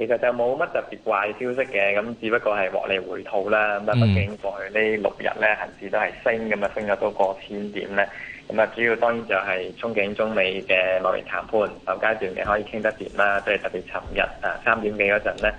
其實就冇乜特別壞消息嘅，咁只不過係獲利回吐啦。咁啊、嗯，畢竟過去呢六日咧，恆指都係升咁啊，升咗多個千點咧。咁啊，主要當然就係憧憬中美嘅貿易談判首階段嘅可以傾得掂啦，即係特別尋日啊三點幾嗰陣咧，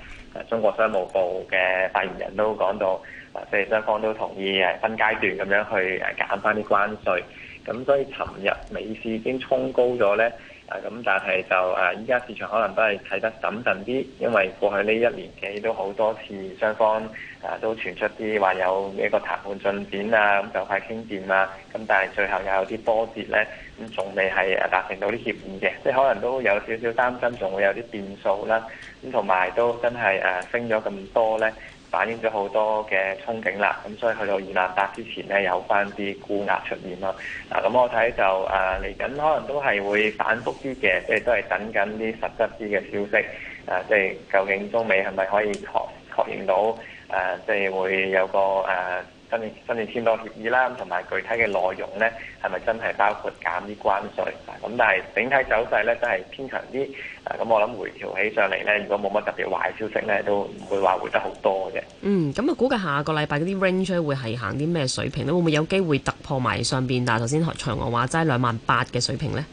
中國商務部嘅發言人都講到啊，即係雙方都同意誒分階段咁樣去誒減翻啲關稅。咁所以尋日美市已經衝高咗咧。咁、啊、但係就誒，依、啊、家市場可能都係睇得謹慎啲，因為過去呢一年幾都好多次雙方啊都傳出啲話有呢個談判進展啊，咁、嗯、就快傾掂啦，咁、啊、但係最後又有啲波折咧，咁、嗯、仲未係誒達成到啲協議嘅，即係可能都有少少擔心，仲會有啲變數啦。咁同埋都真係誒、啊、升咗咁多咧。反映咗好多嘅憧憬啦，咁所以去到二萬八之前咧，有翻啲沽壓出現啦。嗱、啊，咁我睇就誒嚟緊可能都係會反覆啲嘅，即係都係等緊啲實質啲嘅消息。誒、啊，即係究竟中美係咪可以確確認到誒、啊，即係會有個誒。啊新年新年簽多協議啦，同埋具體嘅內容咧，係咪真係包括減啲關稅咁、啊、但係整體走勢咧都係偏強啲啊！咁、啊啊、我諗回調起上嚟咧，如果冇乜特別壞消息咧，都唔會話回得好多嘅。嗯，咁啊，估計下個禮拜嗰啲 range 會係行啲咩水平咧？會唔會有機會突破埋上邊？但係頭先財王話齋兩萬八嘅水平咧？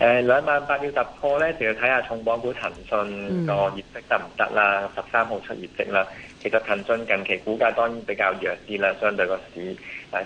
誒兩萬八要突破咧，就要睇下重磅股騰訊個業績得唔得啦。十三號出業績啦，嗯嗯、其實騰訊近期股價當然比較弱啲啦，相對個市誒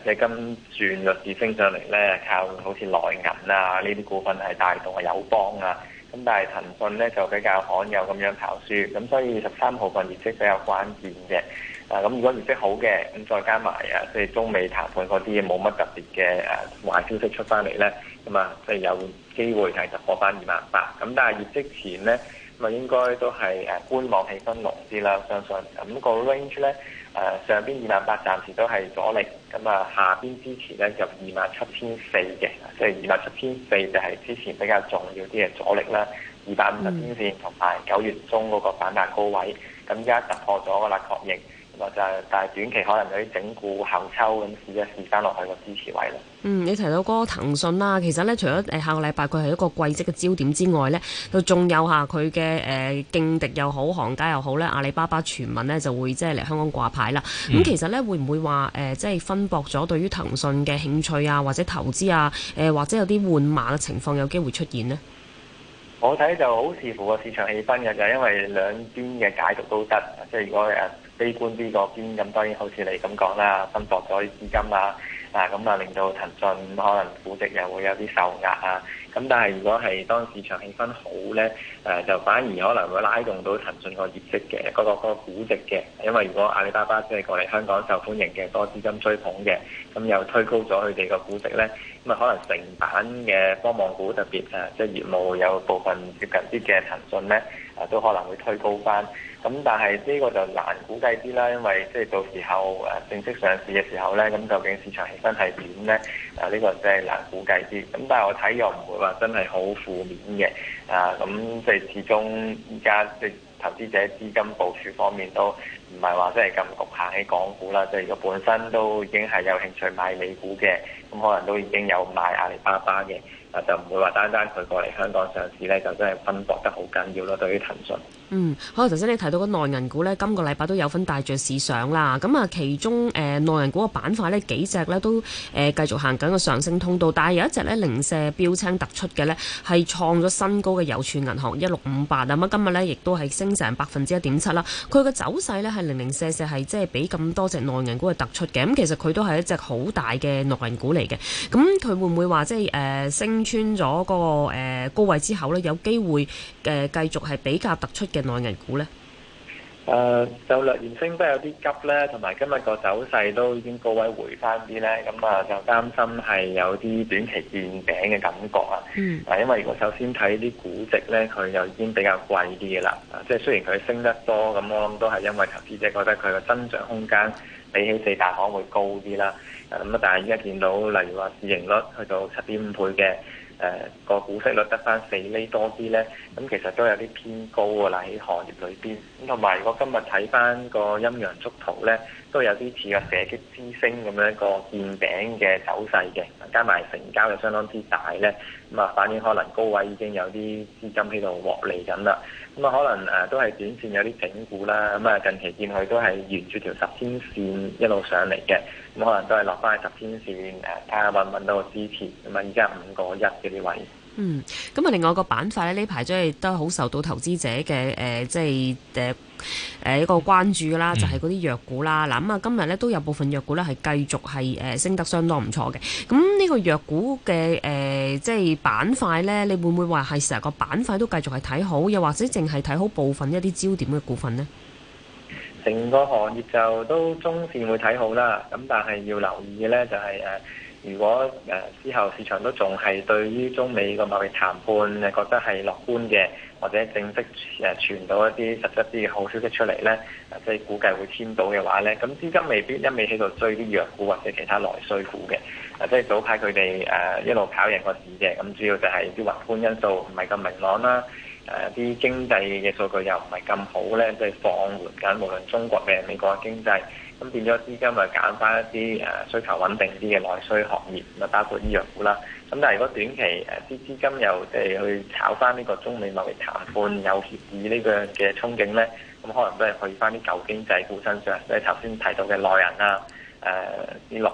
即係跟轉弱市升上嚟咧，靠好似內銀啊呢啲股份係帶動啊友邦啊。咁但係騰訊咧就比較罕有咁樣跑輸，咁所以十三號份業績比較關鍵嘅。啊，咁如果業績好嘅，咁再加埋啊，即係中美談判嗰啲嘢冇乜特別嘅誒、啊、壞消息出翻嚟咧，咁啊，即係有機會係突破翻二萬八。咁但係業績前咧。咪應該都係誒觀望氣氛濃啲啦，相信咁、咁個 range 咧誒、呃、上邊二萬八暫時都係阻力，咁啊下邊支持咧就二萬七千四嘅，即係二萬七千四就係之前比較重要啲嘅阻力啦，二百五十天線同埋九月中嗰個反彈高位，咁依家突破咗噶啦，確認。或者係，但係短期可能有啲整固、後抽咁試一試返落去個支持位咯。嗯，你提到嗰個騰訊啦，其實咧，除咗誒下個禮拜佢係一個季績嘅焦點之外咧，就仲有下佢嘅誒勁敵又好，行家又好咧，阿里巴巴傳聞咧就會即係嚟香港掛牌啦。咁、嗯、其實咧，會唔會話誒即係分薄咗對於騰訊嘅興趣啊，或者投資啊，誒、呃、或者有啲換馬嘅情況有機會出現呢？我睇就好視乎個市場氣氛嘅，就係、因為兩邊嘅解讀都得，即、就、係、是、如果誒。悲觀啲嗰邊咁，當然好似你咁講啦，分薄咗啲資金啊，啊咁啊令到騰訊可能估值又會有啲受壓啊。咁但係如果係當市場氣氛好咧，誒、呃、就反而可能會拉動到騰訊個業績嘅，嗰個嗰個估值嘅。因為如果阿里巴巴即係過嚟香港受歡迎嘅，多資金追捧嘅，咁、嗯、又推高咗佢哋個估值咧，咁、嗯、啊可能成版嘅科網股特別誒，即、啊、係、即係、業務有部分接近啲嘅騰訊咧，啊都可能會推高翻。咁但係呢個就難估計啲啦，因為即係到時候誒、呃、正式上市嘅時候咧，咁究竟市場氣氛係點咧？啊呢、呢個即係難估計啲。咁但係我睇又唔會。話真係好負面嘅，啊，咁即係始終依家即係……投資者資金部署方面都唔係話真係咁局限喺港股啦，即係如果本身都已經係有興趣買美股嘅，咁可能都已經有買阿里巴巴嘅，嗱就唔會話單單佢過嚟香港上市咧就真係分薄得好緊要咯。對於騰訊，嗯，好頭先你提到個內銀股咧，今個禮拜都有份大漲市上啦，咁啊其中誒、呃、內銀股嘅板塊呢，幾隻咧都誒、呃、繼續行緊個上升通道，但係有一隻咧零舍標青突出嘅咧係創咗新高嘅郵儲銀行一六五八啊，今日咧亦都係升成百分之一點七啦，佢嘅走勢呢係零零舍舍，係即係比咁多隻內銀股係突出嘅，咁其實佢都係一隻好大嘅內銀股嚟嘅。咁、嗯、佢會唔會話即係誒、呃、升穿咗嗰、那個、呃、高位之後呢，有機會誒、呃、繼續係比較突出嘅內銀股呢？誒、uh, 就略然升得有啲急咧，同埋今日個走勢都已經高位回翻啲咧，咁啊就擔心係有啲短期見頂嘅感覺啊。嗯。嗱，因為如果首先睇啲估值咧，佢又已經比較貴啲嘅啦。即係雖然佢升得多，咁我諗都係因為投資者覺得佢個增長空間比起四大行會高啲啦。咁啊，但係而家見到例如話市盈率去到七點五倍嘅。誒、呃、個股息率得返四厘多啲咧，咁、嗯、其實都有啲偏高喎。嗱，喺行業裏邊咁同埋，我今日睇返個陰陽燭圖咧，都有啲似個射擊之星咁樣一個見頂嘅走勢嘅，加埋成交又相當之大咧，咁、嗯、啊反映可能高位已經有啲資金喺度獲利緊啦。咁啊、嗯，可能誒、呃、都係短線有啲整固啦。咁、嗯、啊，近期見佢都係沿住條十天線一路上嚟嘅。咁、嗯、可能都係落翻去十天線誒，睇下揾唔揾到個支持。咁、嗯、啊，而家五個一嗰啲位。嗯，咁啊，另外個板塊咧，呢排都係都好受到投資者嘅誒、呃，即係誒誒一個關注啦，就係嗰啲藥股啦。嗱、嗯，咁啊，今日咧，都有部分藥股咧係繼續係誒升得相當唔錯嘅。咁呢個藥股嘅誒、呃，即係板塊咧，你會唔會話係成個板塊都繼續係睇好，又或者淨係睇好部分一啲焦點嘅股份呢？成個行業就都中線會睇好啦，咁但係要留意嘅咧就係、是、誒。呃如果誒、呃、之後市場都仲係對於中美個貿易談判誒覺得係樂觀嘅，或者正式誒、呃、傳到一啲實質啲嘅好消息出嚟咧、呃，即係估計會簽到嘅話咧，咁資金未必一味喺度追啲弱股或者其他內需股嘅，誒、呃、即係早排佢哋誒一路跑贏個市嘅，咁、嗯、主要就係啲宏觀因素唔係咁明朗啦，誒、呃、啲經濟嘅數據又唔係咁好咧，即係放緩緊無論中國定係美國嘅經濟。咁變咗資金咪揀翻一啲誒需求穩定啲嘅內需行業，咁啊包括醫藥股啦。咁但係如果短期誒啲資金又即係去炒翻呢個中美貿易談判有協議呢個嘅憧憬咧，咁可能都係去翻啲舊經濟股身上，即係頭先提到嘅內銀啦。誒啲、呃、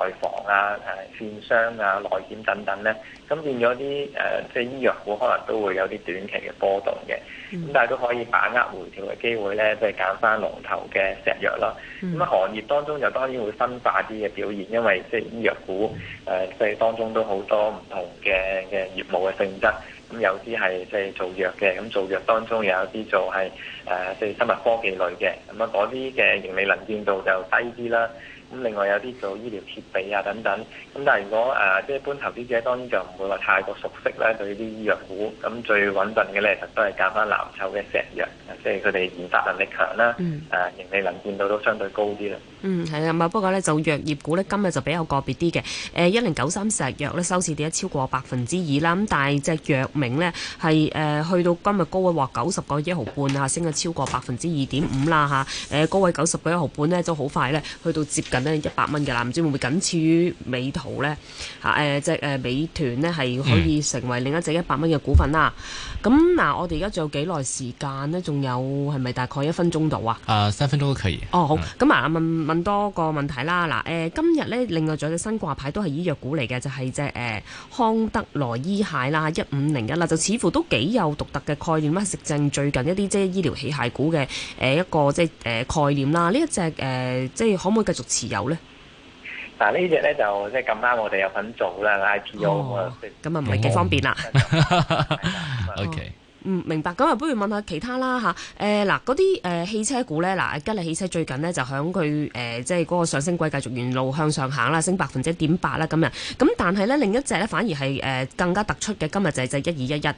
內房啊、誒券商啊、內險等等咧，咁變咗啲誒，即係醫藥股可能都會有啲短期嘅波動嘅，咁、mm. 但係都可以把握回調嘅機會咧，即係揀翻龍頭嘅石藥啦。咁啊，行業當中就當然會分化啲嘅表現，因為即係醫藥股誒、呃、即係當中都好多唔同嘅嘅業務嘅性質，咁有啲係即係做藥嘅，咁做藥當中又有啲做係誒即係生物科技類嘅，咁啊嗰啲嘅盈利能見度就低啲啦。咁另外有啲做醫療設備啊等等，咁但係如果誒即係一般投資者當然就唔會話太過熟悉咧，對呢啲藥股，咁最穩陣嘅咧其實都係揀翻藍籌嘅石藥，即係佢哋研發能力強啦，誒盈、嗯啊、利能見度都相對高啲啦。嗯，係啊，唔不過咧就藥業股咧今日就比較個別啲嘅，誒一零九三石藥咧收市跌一超過百分之二啦，咁但係隻藥明呢，係誒、呃、去到今日高位話九十個一毫半啊，升咗超過百分之二點五啦嚇，誒高位九十個一毫半呢，就好快咧去到接近。一百蚊嘅啦？唔知會唔會僅次於美圖咧？啊誒，隻、呃、誒、呃、美團呢，係可以成為另一隻一百蚊嘅股份啦。咁嗱、嗯，我哋而家仲有幾耐時間呢？仲有係咪大概一分鐘到啊？啊、呃，三分鐘都可以。哦，好。咁啊、嗯，問問多個問題啦。嗱、呃，誒今日呢，另外仲有隻新掛牌都係醫藥股嚟嘅，就係隻誒康德萊醫械啦，一五零一啦，就似乎都幾有獨特嘅概念啦、啊。食正最近一啲即係醫療器械股嘅誒一個、啊、即係誒、啊、概念啦。呢一隻誒即係可唔可以繼續持？啊啊有咧，嗱呢隻咧就即係咁啱我哋有份做啦 IPO，咁啊唔係幾方便啦，OK，嗯明白，咁啊不如問下其他啦吓，誒嗱嗰啲誒汽車股咧，嗱吉利汽車最近咧就響佢誒即係嗰個上升軌繼續沿路向上行啦，升百分之一點八啦今日，咁但係咧另一隻咧反而係誒更加突出嘅，今日就係就係一二一一。